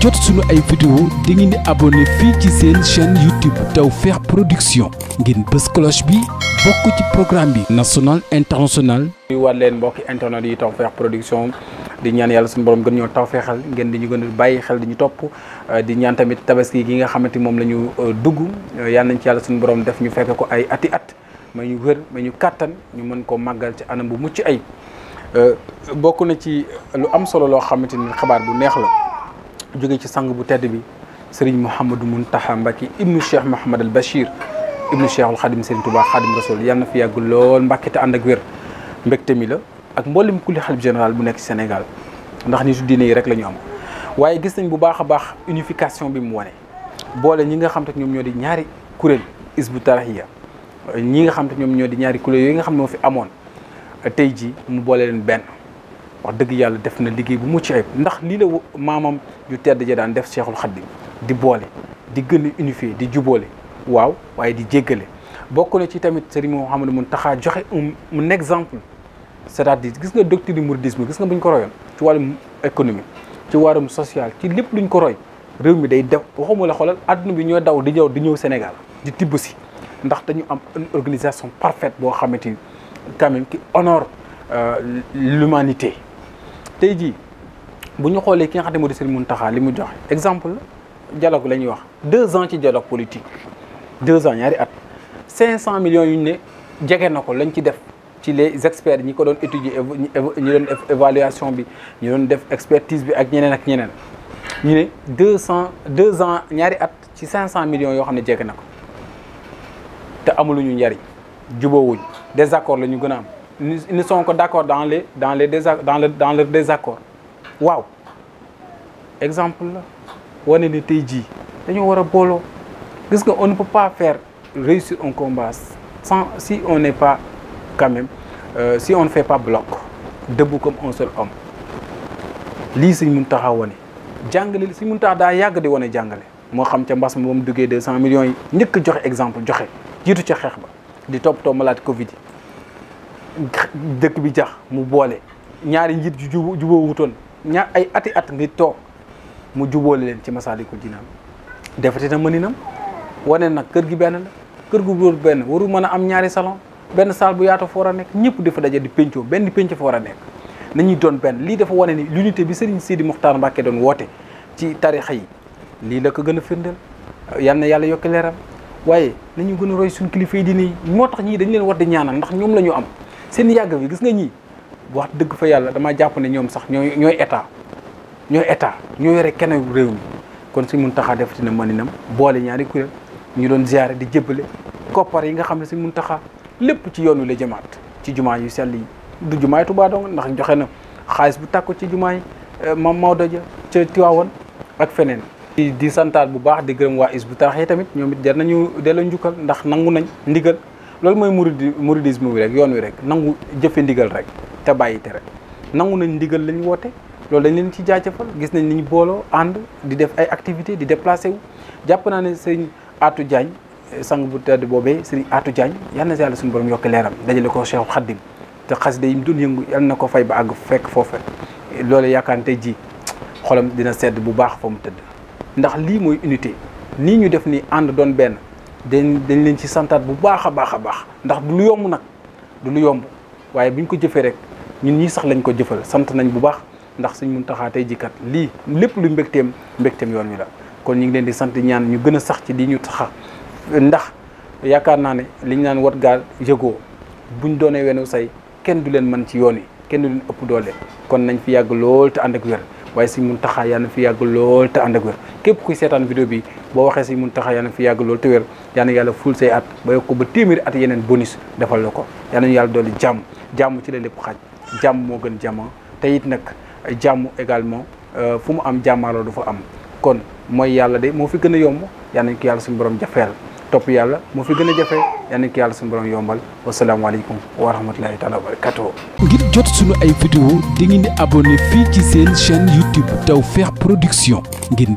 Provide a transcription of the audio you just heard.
jot suñu ay vidéo da ngeen di abonné fii ci seen chaîne YouTube Tawfekh Production ngeen bës cloche bi bokk ci programme bi national international ñuy war leen mbokki internet yi Tawfekh Production di ñaan yàlla suñu borom gën ñoo tawfeexal ngeen di ñu gën a bàyyi xel di ñu topp eh, di ñaan tamit tabaski gi nga xamante moom la ñu eh, dugg eh, yal nañ ci yàlla suñu borom def ñu fekk ko ay ati at may ñu wër may ñu kàttan ñu mën koo màggal ci anam bu mucc ay bokk na ci lu am solo loo xamante ni xabaar bu neex la jóge ci sang bu tedd bi sëriñ Mouhamadou Mountakha Mbacké ibnu Cheikh Mouhamad al Bachir ibnu Cheikhul Khadim Sëriñ Touba Khadim Rasoul yàlla na fi yàgg lool Mbacké te ànd ak wér mbégte mi la ak mboolem kulli xalif général bu nekk ci Sénégal ndax nitu diine yi rek la ñu am waaye gis nañ bu baax a baax unification bi mu wane boole ñi nga xam te ñoom ñoo di ñaari kuréel isbu tarahiya ñi nga xam te ñoom ñoo di ñaari kuréel yooyu nga xam ne moo fi amoon tey ji mu boole leen benn wax dëgg yàlla def na liggéey bu mucc ayib ndax lii la maamam yu tedd ja daan def Cheikhul Khadim di boole di gën a unifié di juboole waaw waaye di jéggale bokk na ci tamit Serigne mun Mountakha joxe un exemple cest à di gis nga doctrine mouridisme gis nga buñ ko royoon ci wàllum économie ci wàllum social ci lépp luñ ko roy réew mi day def waxuma la xolal àdduna bi ñoo daw di ñëw di ñëw Sénégal di tibb si ndax dañu am organisation parfaite boo xamante ni quand même tey jii bu ñu xoolee ki nga xam ne moo di Serigne Mountakha li mu jox exemple dialogue la ñuy wax deux ans ci dialogue politique deux ans ñaari at cinq cent millions yu ñu ne jege na ko lañ ci def ci les experts ñi ko doon étudier ñi doon def évaluation bi ñi doon def expertise bi ak ñeneen ak ñeneen ñu ne deux cent deux ans ñaari at ci cinq cent millions yoo xam ne jege na ko te amuluñu njariñ jubóowuñ désaccord la ñu gën a am ils ne sont que d'accord dans les dans les dans le dans leur désaccord waaw exemple la wane ni tey jii dañoo war a booloo gis nga on ne peut pas faire réussir un combat sans si on n'est pas quand même euh, si on ne fait pas bloc debout comme un seul homme lii suñ mun taxaw wane jàngale suñ mun tax daa yàgg di wane jàngale moo xam ca mbas ma ba mu duggee deux cent millions yi njëkk joxe exemple joxe jiitu ca xeex ba di toppatoo malade covid yi dëkk bi jax mu boole ñaari njiit ju juboo wutoon ñaar ay ati at ngi toog mu jubóole leen ci Masaalikul Jinaan defati na mën nam wane nag kër gi benn la kër gu góor benn waru mën a am ñaari salon benn salle bu yaatu fa war a nekk ñëpp dafa daje di péncoo benn pénc fa war a nekk nañuy doon benn lii dafa wane ni l'unité bi Serigne Sidi Mokhtar Mbacké doon woote ci tarixa yi lii la ko gën a firndeel yal na yàlla yokk leeram waaye nañu gën a roy suñ kilifa yi diine yi moo tax ñii dañ leen war di ñaanal ndax ñoom la am seen yàgg bi gis nga ñii wax dëgg fa yàlla damaa jàpp ne ñoom sax ñooy ñooy état ñooy état ñoo yore keneen réew mi kon si mun taxaa defati na maninam boole ñaari kuréel ñu doon ziare di jébbale koppar yi nga xam ne si mun taxaa lépp ci yoon wi la jëmaat ci jumaa yu sell yi du jumaay Tuubaa dong ndax joxe na xaalis bu tàkku ci jumaay euh, Maam Maodo ja ca Tiwaawoon ak feneen di santaat bu baax di gërëm waa is bu taraxee tamit ñoom it jar nañu delloo njukkal ndax nangu nañ ndigal loolu mooy muridi muridisme bi rek yoon wi rek nangu jëfe ndigal rek te bàyyi tere nangu nañ ndigal lañ woote loolu dañ leen ci jaajëfal gis nañ ni ñu booloo ànd di def ay activité di déplacé jàpp naa ne sëñ Atou Diagne sang bu tedd boobee sëñ Atou Diagne yal na si yàlla suñu borom yokk leeram dajale ko Cheikh Khadim te xasida yi mu doon yëngu yal na ko fay ba àgg fekk foofe loolu yaakaar ne tey ji xolam dina sedd bu baax fa mu tëdd ndax lii mooy unité nii ñu def ni ànd doon benn dañ dañ leen ci santaat bu baax a baax a baax ndax du lu yomb nag du lu yomb waaye bu ñu ko jëfee rek ñun ñii sax lañ ko jëfal sant nañ bu baax ndax Sëñ Muntaxa tey jikkat lii lépp lu mbégteem mbégteem yoon wi la kon ñu ngi leen di sant ñaan ñu gën a sax ci lii ñu taxa ndax yaakaar naa ne liñ naan wat gaal yëgoo buñ doonee wenu say kenn du leen mën ci yoon yi kenn du leen ëpp doole kon nañ fi yàgg lool te ànd ak wér waaye Sëñ Muntaxa yàlla na fi yàgg lool te ànd ak képp kuy seetaan vidéo bii boo waxee si mun taxaw yàlla fi yàgg loolu te wér yal na yàlla ful say at ba yokk ko ba téeméeri at yeneen bonus defal la ko yal nañu yàlla dolli jàmm jàmm ci la lépp xaj jàmm moo gën jàmm te it nag jàmm également euh, fu mu am jàmmaaroo du fa am kon mooy yàlla de moo fi gën a yomb yal nañ yàlla suñu borom jafeel topp yàlla moo fi gën a jafe yal nañ ko yàlla suñu borom yombal wasalaamaaleykum wa rahmatulahi taala wa barakatuh ngir jot suñu ay vidéo di ngeen di fii ci seen chaîne YouTube Tawfekh Production ngeen